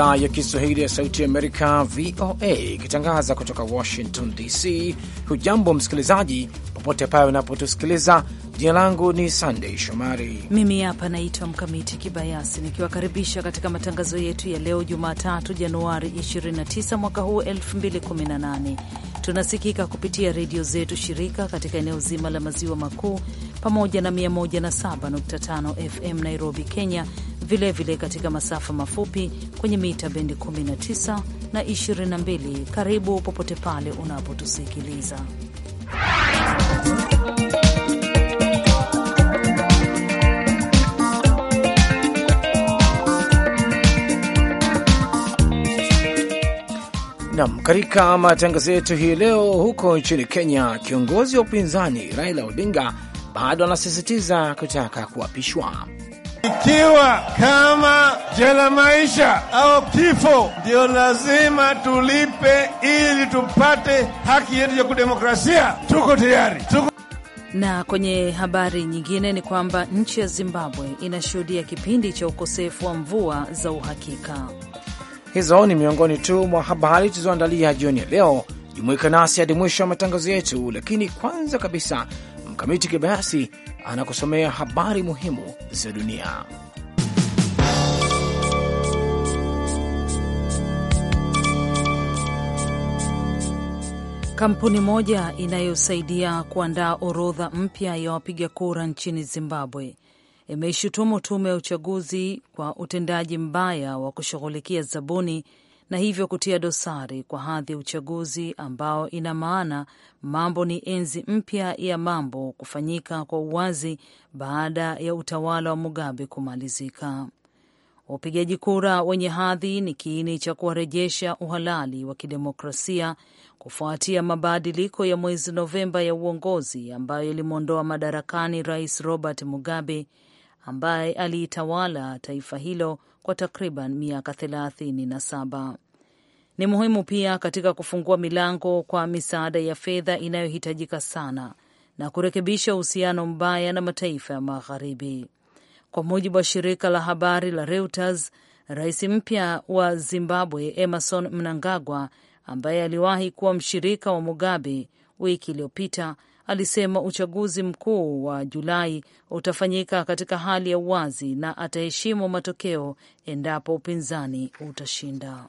idhaa ya Kiswahili ya Sauti Amerika, VOA, ikitangaza kutoka Washington DC. Hujambo msikilizaji, popote pale unapotusikiliza. Jina langu ni Sandei Shomari, mimi hapa naitwa Mkamiti Kibayasi, nikiwakaribisha katika matangazo yetu ya leo Jumatatu, Januari 29 mwaka huu 2018. Tunasikika kupitia redio zetu shirika katika eneo zima la maziwa makuu pamoja na 107.5 FM Nairobi, Kenya, vilevile vile katika masafa mafupi kwenye mita bendi 19 na 22. Karibu popote pale unapotusikiliza. Nam, katika matangazo yetu hii leo, huko nchini Kenya, kiongozi wa upinzani Raila Odinga bado anasisitiza kutaka kuapishwa. Ikiwa kama jela maisha au kifo ndio lazima tulipe ili tupate haki yetu ya kudemokrasia, tuko tayari tuko... Na kwenye habari nyingine ni kwamba nchi ya Zimbabwe inashuhudia kipindi cha ukosefu wa mvua za uhakika. Hizo ni miongoni tu mwa habari tulizoandalia jioni ya leo. Jumuika nasi hadi mwisho wa matangazo yetu, lakini kwanza kabisa Mkamiti Kibayasi anakusomea habari muhimu za dunia. Kampuni moja inayosaidia kuandaa orodha mpya ya wapiga kura nchini Zimbabwe imeishutumu tume ya uchaguzi kwa utendaji mbaya wa kushughulikia zabuni na hivyo kutia dosari kwa hadhi ya uchaguzi ambao ina maana mambo ni enzi mpya ya mambo kufanyika kwa uwazi baada ya utawala wa Mugabe kumalizika. Wapigaji kura wenye hadhi ni kiini cha kuwarejesha uhalali wa kidemokrasia kufuatia mabadiliko ya mwezi Novemba ya uongozi ambayo yalimwondoa madarakani Rais Robert Mugabe ambaye aliitawala taifa hilo kwa takriban miaka thelathini na saba. Ni muhimu pia katika kufungua milango kwa misaada ya fedha inayohitajika sana na kurekebisha uhusiano mbaya na mataifa ya Magharibi. Kwa mujibu wa shirika la habari la Reuters, rais mpya wa Zimbabwe Emerson Mnangagwa, ambaye aliwahi kuwa mshirika wa Mugabe, wiki iliyopita alisema uchaguzi mkuu wa Julai utafanyika katika hali ya uwazi na ataheshimu matokeo endapo upinzani utashinda.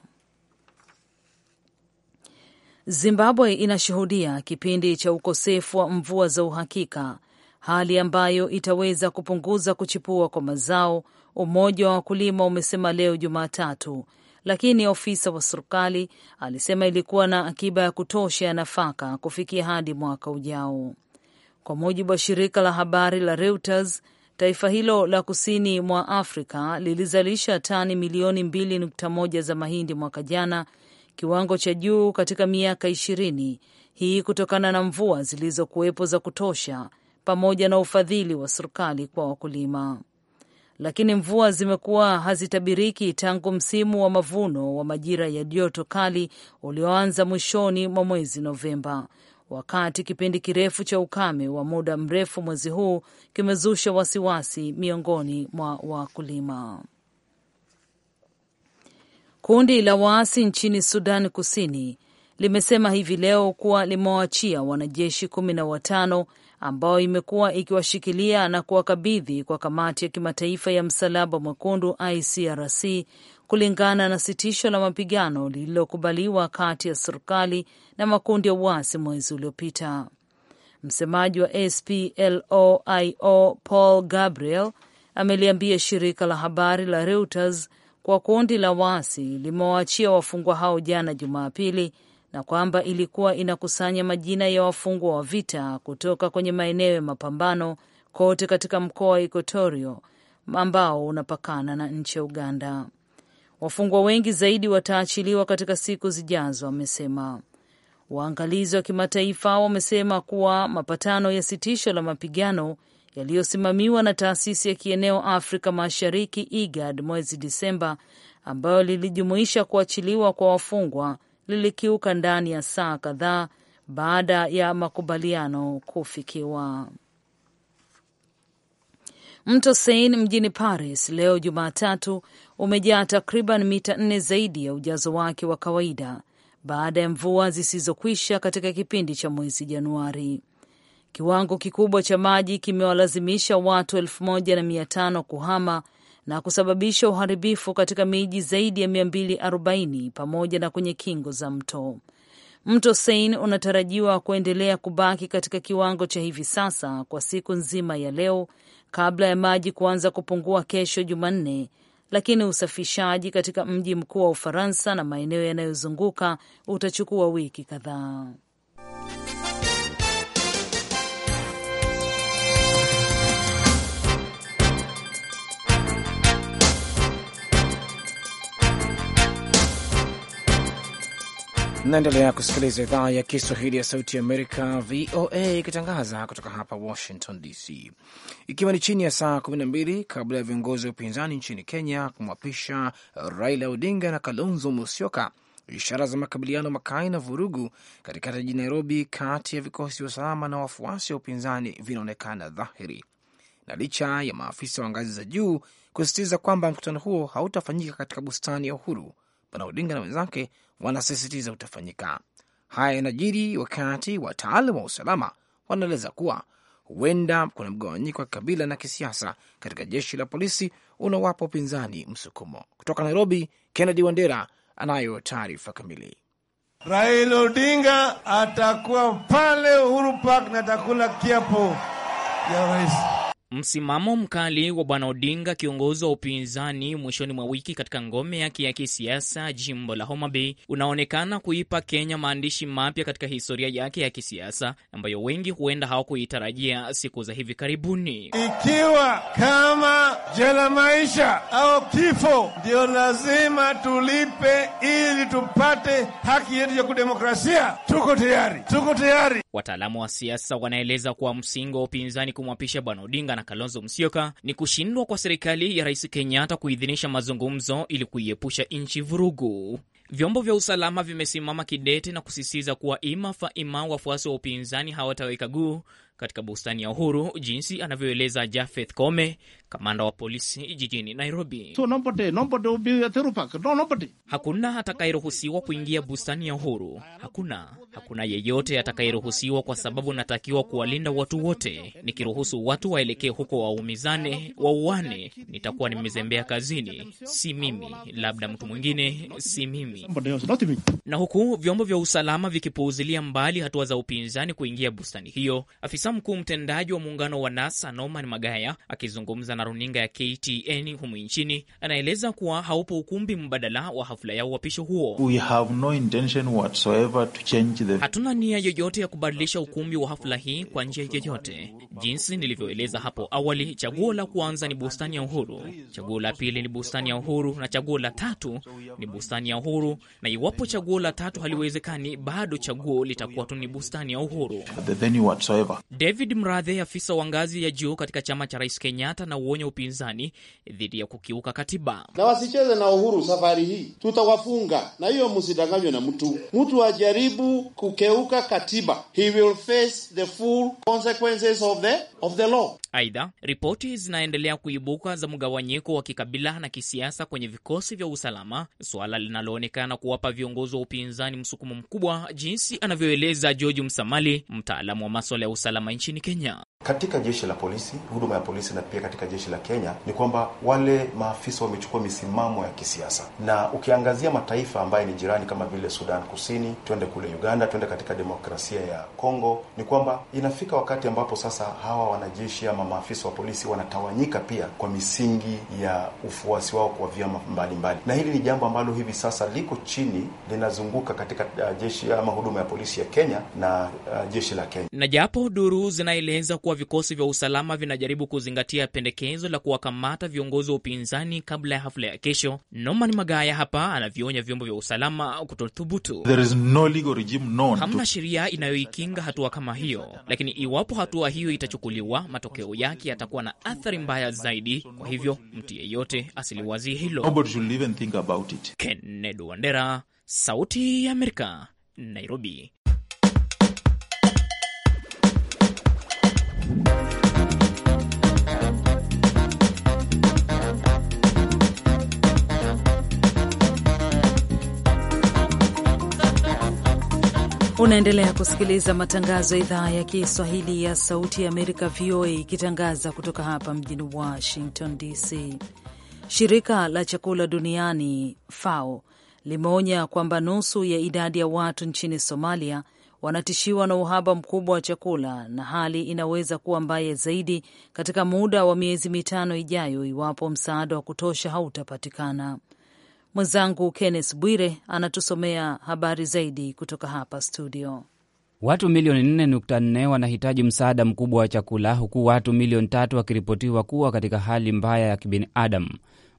Zimbabwe inashuhudia kipindi cha ukosefu wa mvua za uhakika, hali ambayo itaweza kupunguza kuchipua kwa mazao, umoja wa wakulima umesema leo Jumatatu, lakini ofisa wa serikali alisema ilikuwa na akiba ya kutosha ya nafaka kufikia hadi mwaka ujao. Kwa mujibu wa shirika la habari la Reuters, taifa hilo la kusini mwa Afrika lilizalisha tani milioni 2.1 za mahindi mwaka jana, kiwango cha juu katika miaka ishirini, hii kutokana na mvua zilizokuwepo za kutosha pamoja na ufadhili wa serikali kwa wakulima. Lakini mvua zimekuwa hazitabiriki tangu msimu wa mavuno wa majira ya joto kali ulioanza mwishoni mwa mwezi Novemba, wakati kipindi kirefu cha ukame wa muda mrefu mwezi huu kimezusha wasiwasi miongoni mwa wakulima. Kundi la waasi nchini Sudan Kusini limesema hivi leo kuwa limewaachia wanajeshi kumi na watano ambao imekuwa ikiwashikilia na kuwakabidhi kwa kamati ya kimataifa ya msalaba mwekundu ICRC kulingana na sitisho la mapigano lililokubaliwa kati ya serikali na makundi ya uasi mwezi uliopita. Msemaji wa SPLOIO Paul Gabriel ameliambia shirika la habari la Reuters kwa kundi la waasi limewaachia wafungwa hao jana Jumapili na kwamba ilikuwa inakusanya majina ya wafungwa wa vita kutoka kwenye maeneo ya mapambano kote katika mkoa wa Ikotorio ambao unapakana na nchi ya Uganda. Wafungwa wengi zaidi wataachiliwa katika siku zijazo, wamesema. Waangalizi wa kimataifa wamesema kuwa mapatano ya sitisho la mapigano yaliyosimamiwa na taasisi ya kieneo Afrika Mashariki IGAD mwezi Disemba, ambayo lilijumuisha kuachiliwa kwa wafungwa lilikiuka ndani ya saa kadhaa baada ya makubaliano kufikiwa. Mto Seine mjini Paris leo Jumatatu umejaa takriban mita nne zaidi ya ujazo wake wa kawaida baada ya mvua zisizokwisha katika kipindi cha mwezi Januari. Kiwango kikubwa cha maji kimewalazimisha watu elfu moja na mia tano kuhama na kusababisha uharibifu katika miji zaidi ya 240 pamoja na kwenye kingo za mto. Mto Seine unatarajiwa kuendelea kubaki katika kiwango cha hivi sasa kwa siku nzima ya leo kabla ya maji kuanza kupungua kesho Jumanne, lakini usafishaji katika mji mkuu wa Ufaransa na maeneo yanayozunguka utachukua wiki kadhaa. Naendelea kusikiliza idhaa ya Kiswahili ya Sauti Amerika, VOA, ikitangaza kutoka hapa Washington DC, ikiwa ni chini ya saa 12 kabla ya viongozi wa upinzani nchini Kenya kumwapisha Raila Odinga na Kalonzo Musyoka. Ishara za makabiliano makali na vurugu katika jiji Nairobi kati ya vikosi vya usalama na wafuasi wa upinzani vinaonekana dhahiri, na licha ya maafisa wa ngazi za juu kusisitiza kwamba mkutano huo hautafanyika katika bustani ya Uhuru, Bwana Odinga na wenzake wanasisitiza utafanyika. Haya yanajiri wakati wataalam wa usalama wanaeleza kuwa huenda kuna mgawanyiko wa kikabila na kisiasa katika jeshi la polisi unawapa upinzani msukumo. Kutoka Nairobi, Kennedy Wandera anayo taarifa kamili. Raila Odinga atakuwa pale Uhuru Park na atakula kiapo ya rais. Msimamo mkali wa bwana Odinga, kiongozi wa upinzani, mwishoni mwa wiki katika ngome yake ya kisiasa jimbo la Homa Bay, unaonekana kuipa Kenya maandishi mapya katika historia yake ya kisiasa ambayo wengi huenda hawakuitarajia siku za hivi karibuni. Ikiwa kama jela maisha au kifo ndio lazima tulipe ili tupate haki yetu ya kudemokrasia, tuko tayari, tuko tayari. Wataalamu wa siasa wanaeleza kuwa msingi wa upinzani kumwapisha Bwana Odinga na Kalonzo Musyoka ni kushindwa kwa serikali ya Rais Kenyatta kuidhinisha mazungumzo ili kuiepusha nchi vurugu. Vyombo vya usalama vimesimama kidete na kusisitiza kuwa ima fa ima, wafuasi wa upinzani hawataweka guu katika bustani ya Uhuru, jinsi anavyoeleza Jafeth Kome, kamanda wa polisi jijini Nairobi. So nobody, nobody will be no, nobody. Hakuna atakayeruhusiwa kuingia bustani ya Uhuru, hakuna hakuna yeyote atakayeruhusiwa, kwa sababu natakiwa kuwalinda watu wote. Nikiruhusu watu waelekee huko waumizane, wauane, nitakuwa nimezembea kazini. Si mimi, labda mtu mwingine, si mimi. Na huku vyombo vya usalama vikipuuzilia mbali hatua za upinzani kuingia bustani hiyo, afisa mkuu mtendaji wa muungano wa NASA Norman Magaya akizungumza na runinga ya KTN humu nchini anaeleza kuwa haupo ukumbi mbadala wa hafla ya uapisho huo. We have no intention whatsoever to change the... hatuna nia yoyote ya kubadilisha ukumbi wa hafla hii kwa njia yoyote. Jinsi nilivyoeleza hapo awali, chaguo la kwanza ni bustani ya Uhuru, chaguo la pili ni bustani ya Uhuru na chaguo la tatu ni bustani ya Uhuru, na iwapo chaguo la tatu haliwezekani, bado chaguo litakuwa tu ni bustani ya Uhuru. David Mrathe, afisa wa ngazi ya juu katika chama cha Rais Kenyatta, na uonya upinzani dhidi ya kukiuka katiba. Na wasicheze na uhuru safari hii, tutawafunga na hiyo, msidanganywe na mtu. Mtu ajaribu kukeuka katiba, he will face the full consequences of the, of the law. Aidha, ripoti zinaendelea kuibuka za mgawanyiko wa kikabila na kisiasa kwenye vikosi vya usalama, suala linaloonekana kuwapa viongozi wa upinzani msukumo mkubwa, jinsi anavyoeleza George Msamali, mtaalamu wa maswala ya usalama usalama nchini Kenya. Katika jeshi la polisi, huduma ya polisi na pia katika jeshi la Kenya ni kwamba wale maafisa wamechukua misimamo ya kisiasa, na ukiangazia mataifa ambaye ni jirani kama vile Sudan Kusini, twende kule Uganda, twende katika demokrasia ya Kongo, ni kwamba inafika wakati ambapo sasa hawa wanajeshi ama maafisa wa polisi wanatawanyika pia kwa misingi ya ufuasi wao kwa vyama mbalimbali Na hili ni jambo ambalo hivi sasa liko chini linazunguka katika uh, jeshi ama huduma ya polisi ya Kenya na uh, jeshi la Kenya na japo duru Duru zinaeleza kuwa vikosi vya usalama vinajaribu kuzingatia pendekezo la kuwakamata viongozi wa upinzani kabla ya hafla ya kesho. Norman Magaya hapa anavionya vyombo vya usalama kutothubutu. No hamna sheria inayoikinga hatua kama hiyo, lakini iwapo hatua hiyo itachukuliwa, matokeo yake yatakuwa na athari mbaya zaidi. Kwa hivyo mtu yeyote asiliwazie hilo. Kennedy Wandera, Sauti ya Amerika, Nairobi. Unaendelea kusikiliza matangazo ya idhaa ya Kiswahili ya Sauti ya Amerika, VOA, ikitangaza kutoka hapa mjini Washington DC. Shirika la chakula duniani FAO limeonya kwamba nusu ya idadi ya watu nchini Somalia wanatishiwa na uhaba mkubwa wa chakula na hali inaweza kuwa mbaya zaidi katika muda wa miezi mitano ijayo iwapo msaada wa kutosha hautapatikana. Mwenzangu Kennes Bwire anatusomea habari zaidi kutoka hapa studio. Watu milioni 4.4 wanahitaji msaada mkubwa wa chakula huku watu milioni tatu wakiripotiwa kuwa katika hali mbaya ya kibinadamu.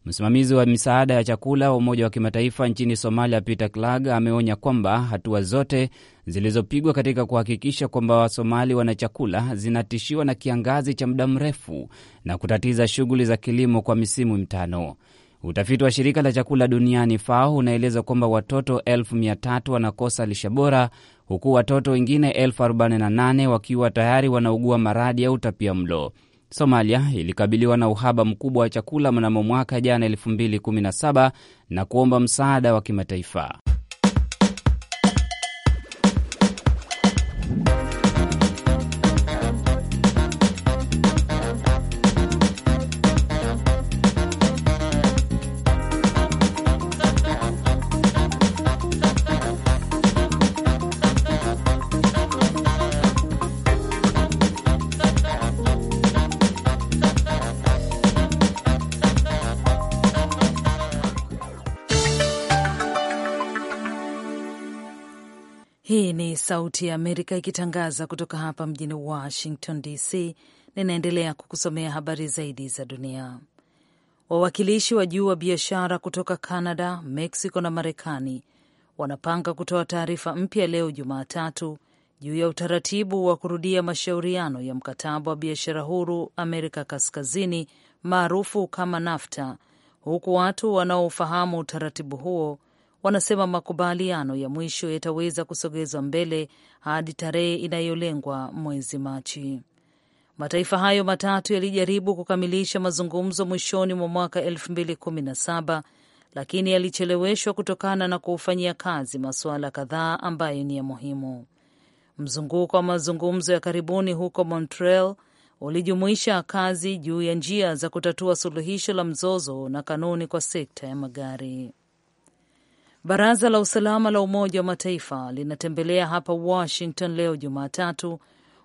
Msimamizi wa misaada ya chakula wa Umoja wa Kimataifa nchini Somalia, Peter clag ameonya kwamba hatua zote zilizopigwa katika kuhakikisha kwamba Wasomali wana chakula zinatishiwa na kiangazi cha muda mrefu na kutatiza shughuli za kilimo kwa misimu mitano. Utafiti wa shirika la chakula duniani FAO unaeleza kwamba watoto elfu mia tatu wanakosa lishe bora huku watoto wengine elfu arobaini na nane wakiwa tayari wanaugua maradhi ya utapia mlo. Somalia ilikabiliwa na uhaba mkubwa wa chakula mnamo mwaka jana 2017 na kuomba msaada wa kimataifa. Sauti ya Amerika ikitangaza kutoka hapa mjini Washington DC. Ninaendelea kukusomea habari zaidi za dunia. Wawakilishi wa juu wa biashara kutoka Canada, Mexico na Marekani wanapanga kutoa taarifa mpya leo Jumatatu juu ya utaratibu wa kurudia mashauriano ya mkataba wa biashara huru Amerika Kaskazini maarufu kama NAFTA, huku watu wanaofahamu utaratibu huo wanasema makubaliano ya mwisho yataweza kusogezwa mbele hadi tarehe inayolengwa mwezi Machi. Mataifa hayo matatu yalijaribu kukamilisha mazungumzo mwishoni mwa mwaka 2017 lakini yalicheleweshwa kutokana na kuufanyia kazi masuala kadhaa ambayo ni ya muhimu. Mzunguko wa mazungumzo ya karibuni huko Montreal ulijumuisha kazi juu ya njia za kutatua suluhisho la mzozo na kanuni kwa sekta ya magari. Baraza la Usalama la Umoja wa Mataifa linatembelea hapa Washington leo Jumatatu,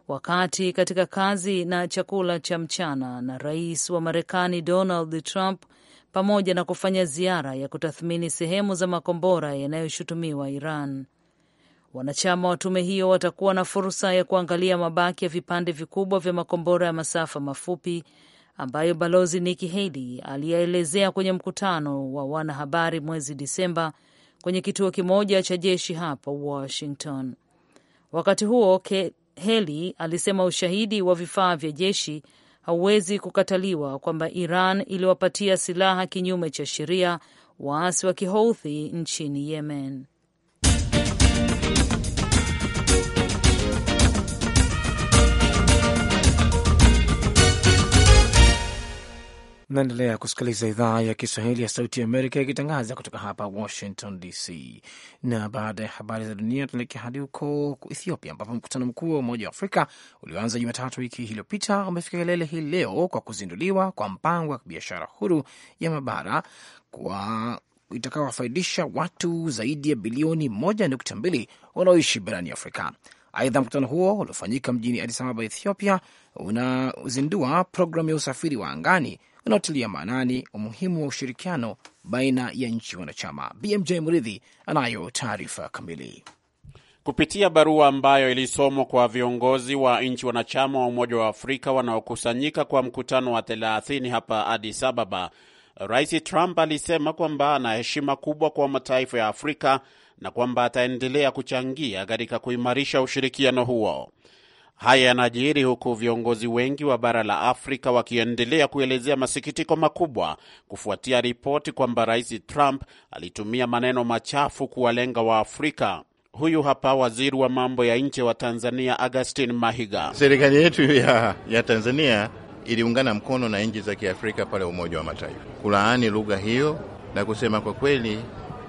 wakati katika kazi na chakula cha mchana na rais wa Marekani Donald Trump pamoja na kufanya ziara ya kutathmini sehemu za makombora yanayoshutumiwa Iran. Wanachama wa tume hiyo watakuwa na fursa ya kuangalia mabaki ya vipande vikubwa vya makombora ya masafa mafupi ambayo Balozi Nikki Haley aliyaelezea kwenye mkutano wa wanahabari mwezi Disemba kwenye kituo kimoja cha jeshi hapa Washington. Wakati huo, Heli alisema ushahidi wa vifaa vya jeshi hauwezi kukataliwa kwamba Iran iliwapatia silaha kinyume cha sheria waasi wa Kihouthi nchini Yemen. Mnaendelea kusikiliza idhaa ya Kiswahili ya Sauti ya Amerika ikitangaza kutoka hapa Washington DC. Na baada ya habari za dunia, tunaelekea hadi huko Ethiopia, ambapo mkutano mkuu wa Umoja wa Afrika ulioanza Jumatatu wiki iliyopita umefika kelele hii leo kwa kuzinduliwa kwa mpango wa biashara huru ya mabara kwa itakaowafaidisha watu zaidi ya bilioni mbili wanaoishi barani Afrika. Aidha, mkutano huo uliofanyika mjini adisababa Ababa, Ethiopia, unazindua programu ya usafiri wa angani anaotilia maanani umuhimu wa ushirikiano baina ya nchi wanachama. BMJ Mridhi anayo taarifa kamili. Kupitia barua ambayo ilisomwa kwa viongozi wa nchi wanachama wa Umoja wa Afrika wanaokusanyika kwa mkutano wa 30 hapa Addis Ababa, Rais Trump alisema kwamba ana heshima kubwa kwa mataifa ya Afrika na kwamba ataendelea kuchangia katika kuimarisha ushirikiano huo. Haya yanajiri huku viongozi wengi wa bara la Afrika wakiendelea kuelezea masikitiko makubwa kufuatia ripoti kwamba Rais Trump alitumia maneno machafu kuwalenga Waafrika. Huyu hapa waziri wa mambo ya nje wa Tanzania, Augustin Mahiga. Serikali yetu ya, ya Tanzania iliungana mkono na nchi za Kiafrika pale Umoja wa Mataifa kulaani lugha hiyo na kusema kwa kweli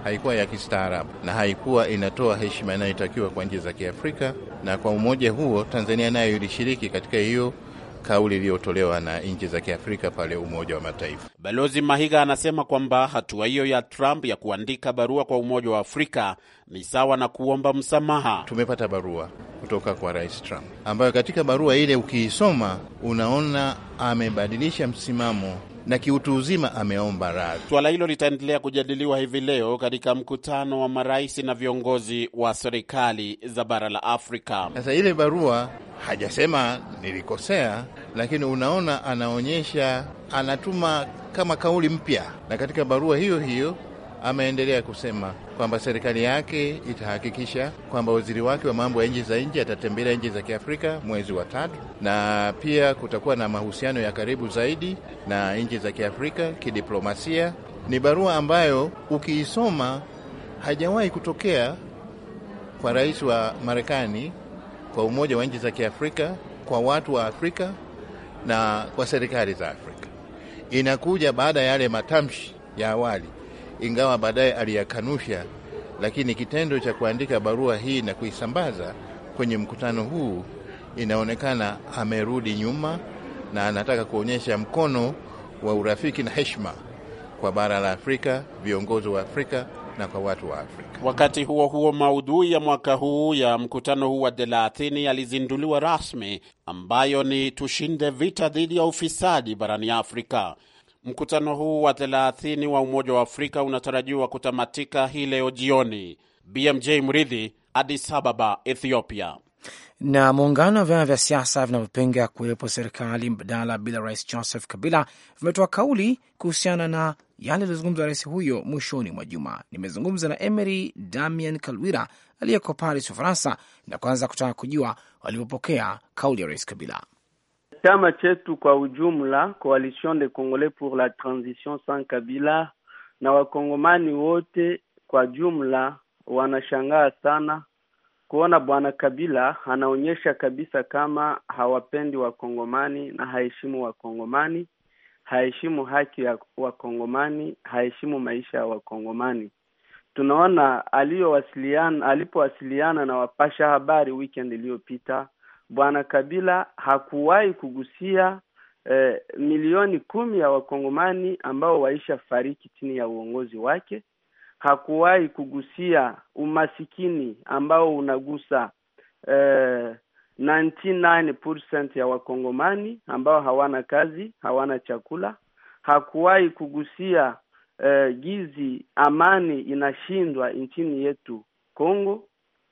haikuwa ya kistaarabu na haikuwa inatoa heshima inayotakiwa kwa nchi za Kiafrika, na kwa umoja huo Tanzania nayo ilishiriki katika hiyo kauli iliyotolewa na nchi za Kiafrika pale Umoja wa Mataifa. Balozi Mahiga anasema kwamba hatua hiyo ya Trump ya kuandika barua kwa Umoja wa Afrika ni sawa na kuomba msamaha. Tumepata barua kutoka kwa Rais Trump ambayo katika barua ile ukiisoma unaona amebadilisha msimamo na kiutu uzima ameomba radhi. Swala hilo litaendelea kujadiliwa hivi leo katika mkutano wa marais na viongozi wa serikali za bara la Afrika. Sasa ile barua hajasema nilikosea, lakini unaona, anaonyesha anatuma kama kauli mpya, na katika barua hiyo hiyo ameendelea kusema kwamba serikali yake itahakikisha kwamba waziri wake wa mambo ya nchi za nje atatembelea nchi za Kiafrika mwezi wa tatu, na pia kutakuwa na mahusiano ya karibu zaidi na nchi za Kiafrika kidiplomasia. Ni barua ambayo ukiisoma hajawahi kutokea kwa rais wa Marekani, kwa umoja wa nchi za Kiafrika, kwa watu wa Afrika na kwa serikali za Afrika. Inakuja baada ya yale matamshi ya awali ingawa baadaye aliyakanusha, lakini kitendo cha kuandika barua hii na kuisambaza kwenye mkutano huu inaonekana amerudi nyuma na anataka kuonyesha mkono wa urafiki na heshima kwa bara la Afrika, viongozi wa Afrika na kwa watu wa Afrika. Wakati huo huo, maudhui ya mwaka huu ya mkutano huu wa thelathini yalizinduliwa rasmi, ambayo ni tushinde vita dhidi ya ufisadi barani Afrika. Mkutano huu wa 30 wa Umoja wa Afrika unatarajiwa kutamatika hii leo jioni. BMJ Mridhi, Addis Ababa, Ethiopia. Na muungano wa vyama vya siasa vinavyopinga kuwepo serikali mbadala bila rais Joseph Kabila vimetoa kauli kuhusiana na yale yaliyozungumzwa rais huyo mwishoni mwa juma. Nimezungumza na Emery Damian Kalwira aliyeko Paris, Ufaransa, na kwanza kutaka kujua walivyopokea kauli ya rais Kabila chama chetu kwa ujumla, Coalition de Congolais pour la Transition sans Kabila, na wakongomani wote kwa jumla wanashangaa sana kuona bwana Kabila anaonyesha kabisa kama hawapendi wakongomani na haheshimu wakongomani, haheshimu haki ya wakongomani, haheshimu maisha ya wakongomani. Tunaona aliyowasiliana alipowasiliana na wapasha habari weekend iliyopita Bwana Kabila hakuwahi kugusia eh, milioni kumi ya wakongomani ambao waisha fariki chini ya uongozi wake. Hakuwahi kugusia umasikini ambao unagusa eh, 99% ya wakongomani ambao hawana kazi, hawana chakula. Hakuwahi kugusia eh, gizi amani inashindwa nchini yetu Kongo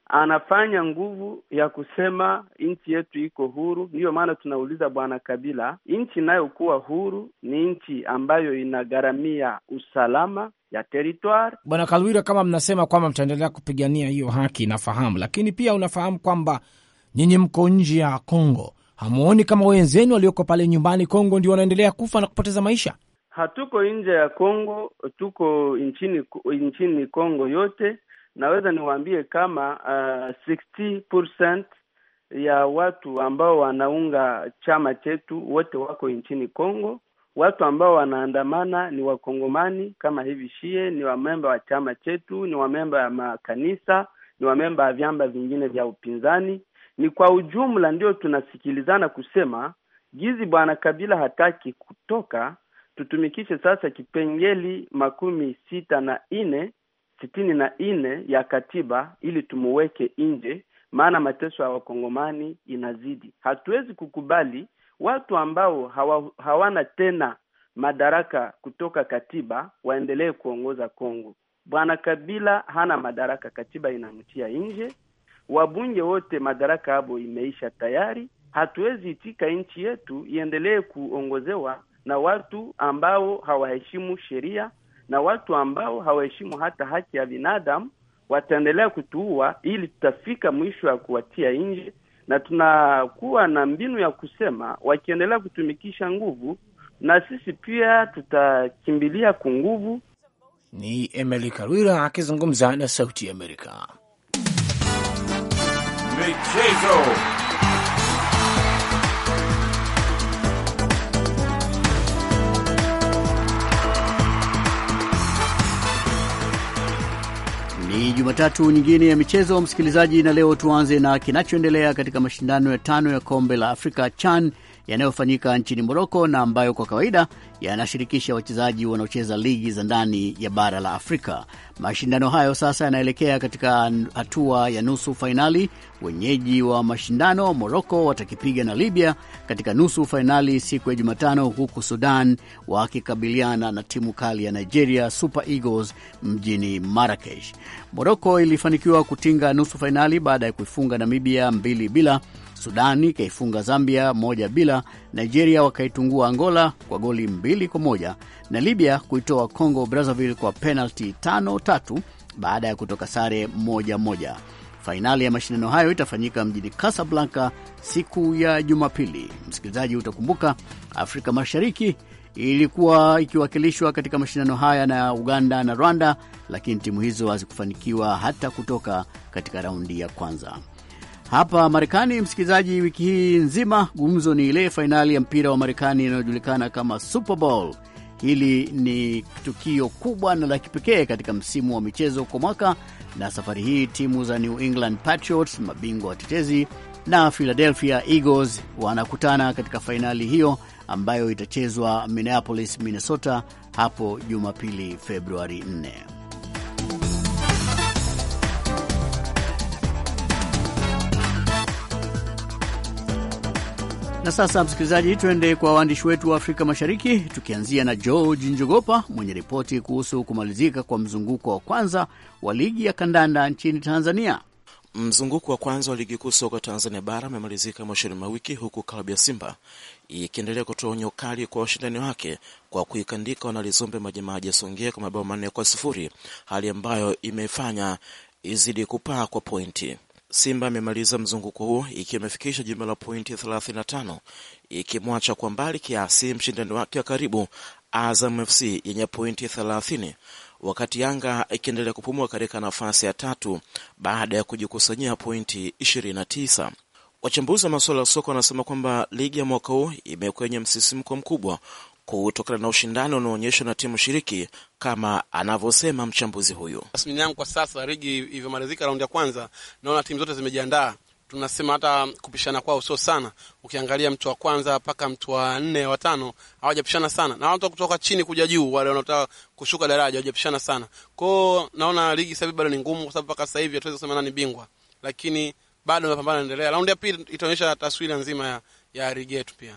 anafanya nguvu ya kusema nchi yetu iko huru. Ndiyo maana tunauliza Bwana Kabila, nchi inayokuwa huru ni nchi ambayo inagharamia usalama ya teritwari. Bwana Kalwira, kama mnasema kwamba mtaendelea kupigania hiyo haki, nafahamu, lakini pia unafahamu kwamba nyinyi mko nje ya Kongo, hamuoni kama wenzenu walioko pale nyumbani Kongo ndio wanaendelea kufa na kupoteza maisha? Hatuko nje ya Kongo, tuko nchini nchini Kongo yote naweza niwaambie kama uh, 60% ya watu ambao wanaunga chama chetu wote wako nchini Kongo. Watu ambao wanaandamana ni Wakongomani kama hivi shie, ni wamemba wa chama chetu, ni wamemba wa makanisa, ni wamemba wa vyamba vingine vya upinzani. Ni kwa ujumla ndio tunasikilizana kusema gizi bwana Kabila hataki kutoka, tutumikishe sasa kipengeli makumi sita na nne sitini na nne ya katiba ili tumuweke nje, maana mateso ya wakongomani inazidi. Hatuwezi kukubali watu ambao hawa, hawana tena madaraka kutoka katiba waendelee kuongoza Kongo. Bwana Kabila hana madaraka, katiba inamtia nje. Wabunge wote madaraka yabo imeisha tayari. Hatuwezi itika nchi yetu iendelee kuongozewa na watu ambao hawaheshimu sheria na watu ambao hawaheshimu hata haki ya binadamu wataendelea kutuua, ili tutafika mwisho ya kuwatia nje, na tunakuwa na mbinu ya kusema wakiendelea kutumikisha nguvu, na sisi pia tutakimbilia ku nguvu. Ni Emily Karwira akizungumza na Sauti ya Amerika. Michezo. Ni Jumatatu nyingine ya michezo, msikilizaji, na leo tuanze na kinachoendelea katika mashindano ya tano ya kombe la Afrika CHAN yanayofanyika nchini Moroko na ambayo kwa kawaida yanashirikisha wachezaji wanaocheza ligi za ndani ya bara la Afrika. Mashindano hayo sasa yanaelekea katika hatua ya nusu fainali. Wenyeji wa mashindano Moroko watakipiga na Libya katika nusu fainali siku ya Jumatano, huku Sudan wakikabiliana na timu kali ya Nigeria, Super Eagles, mjini Marakesh. Moroko ilifanikiwa kutinga nusu fainali baada ya kuifunga Namibia mbili bila. Sudani ikaifunga Zambia moja bila Nigeria wakaitungua Angola kwa goli mbili kwa moja na Libya kuitoa Congo Brazzaville kwa penalti tano tatu baada ya kutoka sare moja moja. Fainali ya mashindano hayo itafanyika mjini Casablanca siku ya Jumapili. Msikilizaji, utakumbuka Afrika Mashariki ilikuwa ikiwakilishwa katika mashindano haya na Uganda na Rwanda, lakini timu hizo hazikufanikiwa hata kutoka katika raundi ya kwanza. Hapa Marekani, msikilizaji, wiki hii nzima gumzo ni ile fainali ya mpira wa Marekani inayojulikana kama Super Bowl. Hili ni tukio kubwa na la kipekee katika msimu wa michezo kwa mwaka, na safari hii timu za New England Patriots, mabingwa watetezi, na Philadelphia Eagles wanakutana katika fainali hiyo ambayo itachezwa Minneapolis, Minnesota hapo Jumapili, Februari 4. Na sasa, msikilizaji, tuende kwa waandishi wetu wa Afrika Mashariki, tukianzia na George Njogopa mwenye ripoti kuhusu kumalizika kwa mzunguko wa kwanza wa ligi ya kandanda nchini Tanzania. Mzunguko wa kwanza wa ligi kuu soka Tanzania bara umemalizika mwishoni mwa wiki, huku klabu ya Simba ikiendelea kutoa onyo kali kwa washindani wake kwa kuikandika wanalizombe Majimaji ya Songea kwa mabao manne kwa sifuri, hali ambayo imefanya izidi kupaa kwa pointi. Simba amemaliza mzunguko huo ikiwa imefikisha jumla la pointi 35 ikimwacha kwa mbali kiasi mshindani wake wa karibu Azam FC yenye pointi 30 wakati Yanga ikiendelea kupumua katika nafasi ya tatu baada ya kujikusanyia pointi 29. Wachambuzi wa masuala ya soka wanasema kwamba ligi ya mwaka huu imekuwa yenye msisimko mkubwa kutokana na ushindani unaoonyeshwa na timu shiriki, kama anavyosema mchambuzi huyu. Tathmini yangu kwa sasa, ligi ilivyomalizika raundi ya kwanza, naona timu zote zimejiandaa tunasema hata kupishana kwao sio sana. Ukiangalia mtu wa kwanza mpaka mtu wa nne wa tano hawajapishana sana, na watu kutoka chini kuja juu, wale wanaotaka kushuka daraja hawajapishana sana kwao. Naona ligi sasa bado ni ngumu, kwa sababu mpaka sasa hivi hatuwezi kusema nani bingwa, lakini bado mapambano yanaendelea. Raundi ya pili itaonyesha taswira nzima ya, ya ligi yetu pia.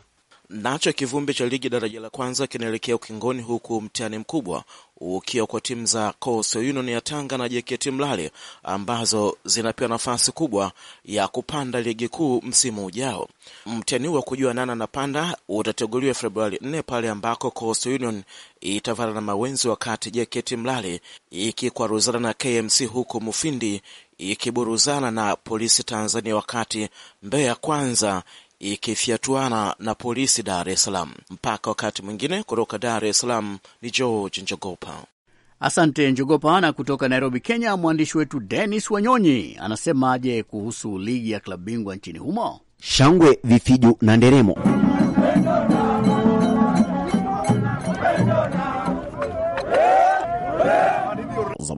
Nacho kivumbi cha ligi daraja la kwanza kinaelekea ukingoni, huku mtihani mkubwa ukiwa kwa timu za Coastal Union ya Tanga na JKT Mlale ambazo zinapewa nafasi kubwa ya kupanda ligi kuu msimu ujao. Mtihani huu wa kujua na panda utateguliwa Februari 4 pale ambako Coastal Union itavana na Mawenzi, wakati JKT Mlale ikikwaruzana na KMC, huku Mufindi ikiburuzana na Polisi Tanzania, wakati Mbeya Kwanza ikifyatuana na polisi Dar es Salaam. Mpaka wakati mwingine, kutoka Dar es Salaam ni George Njogopa. Asante Njogopa. Na kutoka Nairobi, Kenya, mwandishi wetu Denis Wanyonyi anasemaje kuhusu ligi ya klabu bingwa nchini humo? Shangwe, vifiju na nderemo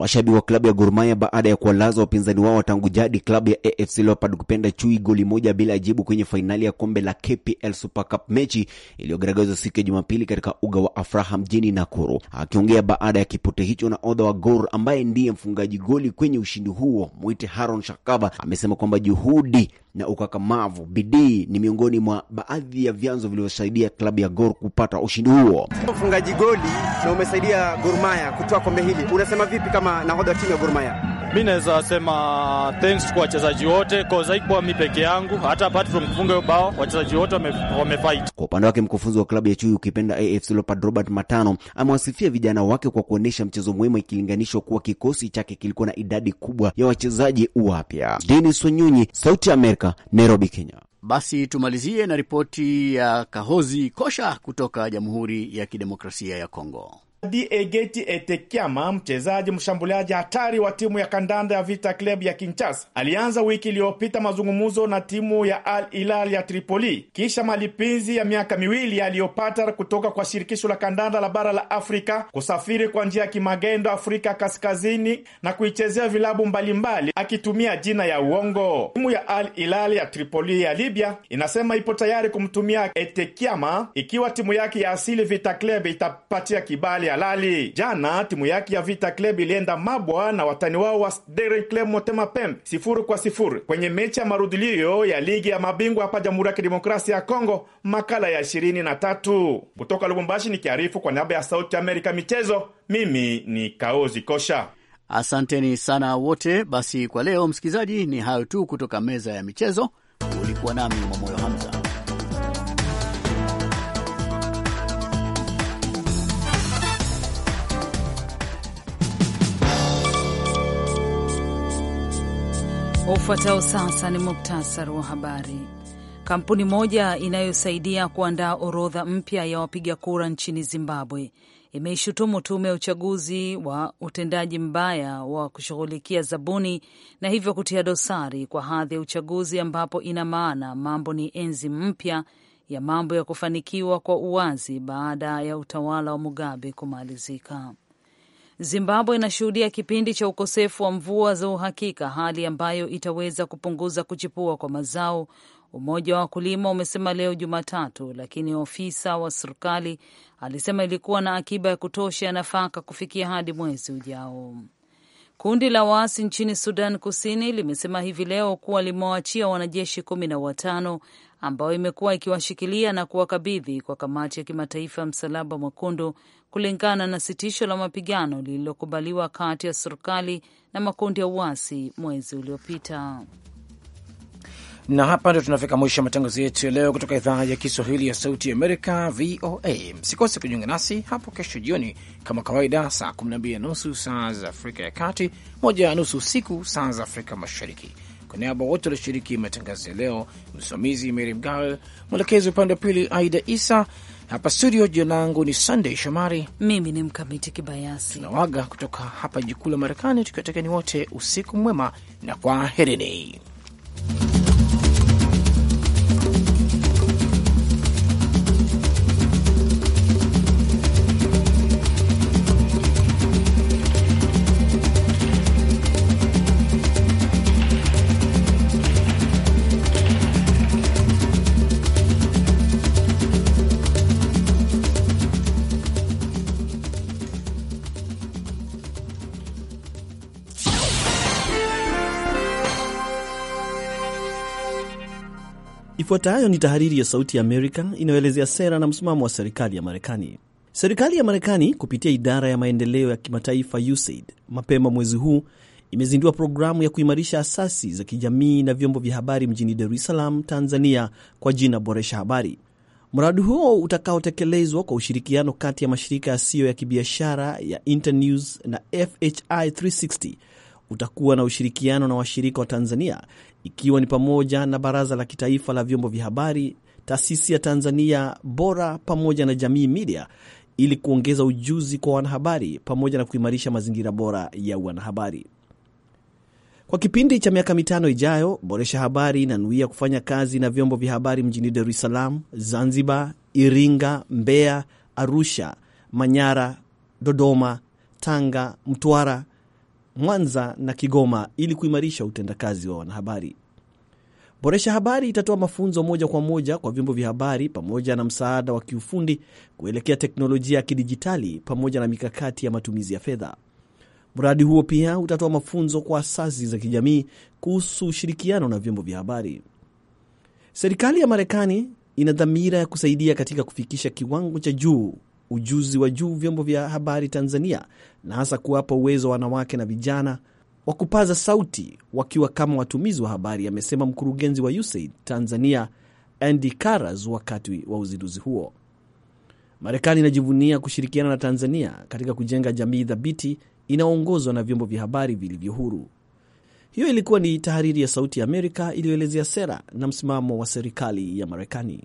Mashabiki wa klabu ya Gor Mahia baada ya kuwalaza wapinzani wao tangu jadi klabu ya AFC Leopards kupenda chui goli moja bila jibu kwenye fainali ya kombe la KPL Super Cup, mechi iliyogaragazwa siku ya Jumapili katika uga wa Afraha mjini Nakuru. Akiongea baada ya kipote hicho, na odha wa Gor ambaye ndiye mfungaji goli kwenye ushindi huo Mwite Haron Shakava amesema kwamba juhudi na ukakamavu, bidii ni miongoni mwa baadhi ya vyanzo vilivyosaidia klabu ya Gor kupata ushindi huo. Ufungaji goli na umesaidia Gor Mahia kutoa kombe hili, unasema vipi kama nahodha wa timu ya Gor Mahia? mi naweza sema thanks kwa wachezaji wote, haikuwa mi peke yangu, hata apart from kufunga hiyo bao wachezaji wote wamefight. Kwa upande wake mkufunzi wa klabu ya chui ukipenda AFC Leopards Robert Matano amewasifia vijana wake kwa kuonyesha mchezo muhimu, ikilinganishwa kuwa kikosi chake kilikuwa na idadi kubwa ya wachezaji wapya. Denis Wanyonyi, Sauti ya Amerika, Nairobi, Kenya. Basi tumalizie na ripoti ya Kahozi Kosha kutoka Jamhuri ya Kidemokrasia ya Kongo. Egeti Etekiama, mchezaji mshambuliaji hatari wa timu ya kandanda ya Vita Club ya Kinshasa, alianza wiki iliyopita mazungumzo na timu ya Al Hilal ya Tripoli kisha malipizi ya miaka miwili aliyopata kutoka kwa shirikisho la kandanda la bara la Afrika, kusafiri kwa njia ya kimagendo Afrika Kaskazini na kuichezea vilabu mbalimbali akitumia jina ya uongo. Timu ya Al Hilal ya Tripoli ya Libya inasema ipo tayari kumtumia Etekiama ikiwa timu yake ya asili Vita Club itapatia kibali halali. Jana timu yake ya Vita Club ilienda mabwa na watani wao wa Daring Club Motema Pembe sifuri kwa sifuri kwenye mechi ya marudhulio ya ligi ya mabingwa hapa Jamhuri ya Kidemokrasia ya Kongo, makala ya 23. Kutoka Lubumbashi nikiarifu kwa niaba ya Sauti Amerika michezo, mimi ni Kaozi Kosha. Asanteni sana wote. Basi kwa leo, msikilizaji, ni hayo tu kutoka meza ya michezo. Ulikuwa nami Mwamoyo Hamza. Ufuatao sasa ni muktasari wa habari. Kampuni moja inayosaidia kuandaa orodha mpya ya wapiga kura nchini Zimbabwe imeishutumu tume ya uchaguzi wa utendaji mbaya wa kushughulikia zabuni na hivyo kutia dosari kwa hadhi ya uchaguzi, ambapo ina maana mambo ni enzi mpya ya mambo ya kufanikiwa kwa uwazi baada ya utawala wa Mugabe kumalizika. Zimbabwe inashuhudia kipindi cha ukosefu wa mvua za uhakika, hali ambayo itaweza kupunguza kuchipua kwa mazao, umoja wa wakulima umesema leo Jumatatu, lakini ofisa wa serikali alisema ilikuwa na akiba ya kutosha ya nafaka kufikia hadi mwezi ujao. Kundi la waasi nchini Sudan Kusini limesema hivi leo kuwa limewaachia wanajeshi kumi na watano ambao imekuwa ikiwashikilia na kuwakabidhi kwa kamati ya kimataifa ya Msalaba Mwekundu kulingana na sitisho la mapigano lililokubaliwa kati ya serikali na makundi ya uasi mwezi uliopita. Na hapa ndio tunafika mwisho wa matangazo yetu ya leo kutoka idhaa ya Kiswahili ya Sauti ya Amerika, VOA. Msikose kujiunga nasi hapo kesho jioni kama kawaida, saa 12 na nusu saa za Afrika ya Kati, moja na nusu usiku saa za Afrika Mashariki. Kwa niaba wote walioshiriki matangazo ya leo, msimamizi Mary Mgawe, mwelekezi upande wa pili Aida Isa. Hapa studio, jina langu ni Sunday Shomari, mimi ni Mkamiti Kibayasi. Tunawaga kutoka hapa jikuu la Marekani, tukiwatakieni wote usiku mwema na kwaherini. Ifuatayo ni tahariri ya Sauti ya Amerika inayoelezea sera na msimamo wa serikali ya Marekani. Serikali ya Marekani kupitia idara ya maendeleo ya kimataifa USAID mapema mwezi huu imezindua programu ya kuimarisha asasi za kijamii na vyombo vya habari mjini Dar es Salaam, Tanzania, kwa jina Boresha Habari. Mradi huo utakaotekelezwa kwa ushirikiano kati ya mashirika yasiyo ya kibiashara ya Internews na FHI 360 utakuwa na ushirikiano na washirika wa Tanzania ikiwa ni pamoja na Baraza la Kitaifa la Vyombo vya Habari, Taasisi ya Tanzania Bora pamoja na Jamii Media ili kuongeza ujuzi kwa wanahabari pamoja na kuimarisha mazingira bora ya wanahabari. Kwa kipindi cha miaka mitano ijayo, Boresha Habari inanuia kufanya kazi na vyombo vya habari mjini Dar es Salaam, Zanzibar, Iringa, Mbeya, Arusha, Manyara, Dodoma, Tanga, Mtwara, Mwanza na Kigoma ili kuimarisha utendakazi wa wanahabari. Boresha Habari itatoa mafunzo moja kwa moja kwa vyombo vya habari pamoja na msaada wa kiufundi kuelekea teknolojia ya kidijitali pamoja na mikakati ya matumizi ya fedha. Mradi huo pia utatoa mafunzo kwa asasi za kijamii kuhusu ushirikiano na vyombo vya habari. Serikali ya Marekani ina dhamira ya kusaidia katika kufikisha kiwango cha juu ujuzi wa juu vyombo vya habari Tanzania na hasa kuwapa uwezo wa wanawake na vijana wa kupaza sauti wakiwa kama watumizi wa habari, amesema mkurugenzi wa USAID Tanzania Andy Karas wakati wa uzinduzi huo. Marekani inajivunia kushirikiana na Tanzania katika kujenga jamii thabiti inayoongozwa na vyombo vya habari vilivyo huru. Hiyo ilikuwa ni tahariri ya Sauti ya Amerika iliyoelezea sera na msimamo wa serikali ya Marekani.